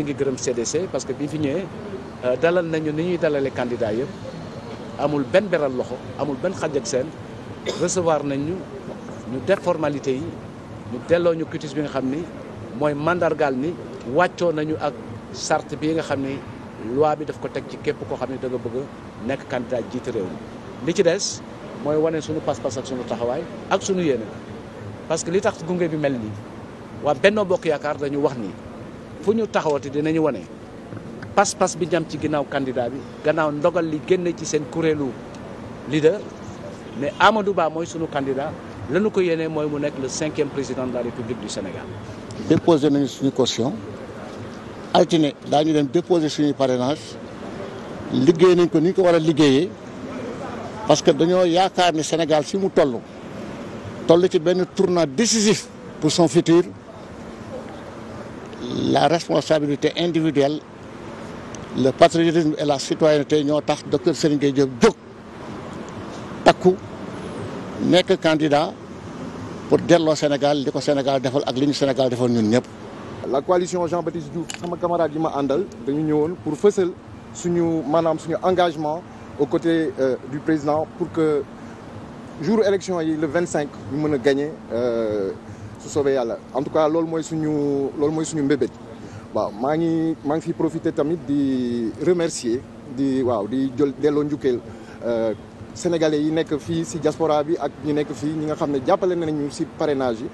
ñu ngi gërëm CDC parce que bi fi ñëwee euh, dalal nañu ni ñuy dalale candidat yëpp amul benn beral loxo amul benn xaj ak seen recevoir nañu ñu def formalité yi ñu delloo ñu cutis bi nga xam ni mooy mandargaal ni wàccoo nañu ak charte bi nga xam ni loi bi daf ko teg ci képp koo xam ne da nga bëgg nekk candidat jiit réew mi li ci des mooy wane suñu pas-pas ak suñu taxawaay ak suñu yéene parce que li tax gunge bi mel nii waa Benno Bokk Yaakaar dañu wax nii fu ñu taxawati dinañu wane pas-pas bi ñam ci ginnaaw candidat bi gannaaw ndogal li génne ci seen kuréelu leader mais Amadou baa mooy sunu candidat lañu ko yéene mooy mu nekk le cinquième président de la République du Sénégal. déposé nañu suñu caution altine ñu dem déposé suñu parrainage liggéey nañ ko ni ko war a liggéeyee parce que dañoo yaakaar ni Sénégal si mu toll toll ci benn tournant décisif pour son futur. la responsabilité individuelle le patriotisme et la citoyenneté ñoo tax docteur Serigne Gueye Diop takku nekk candidat pour delloo Sénégal li ko Sénégal defal ak li ñu Sénégal defal ñun ñëpp. la coalition Jean-Baptiste Diouf sama camarade yi ma àndal dañu ñëwoon pour fësal suñu maanaam suñu engagement aux côtés euh, du président pour que jour élection yi le vingt cinq ñu mën a gagner. Euh, su soobee yàlla en tout cas loolu mooy suñu loolu mooy suñu mbébét waaw maa ngi maa ngi fi profité tamit di remercier di waaw di jël delloo njukkeel euh, sénégalais yi nekk fii si diaspora bi ak ñi nekk fii ñi nga xam ne jàppale nañu si parrainage yi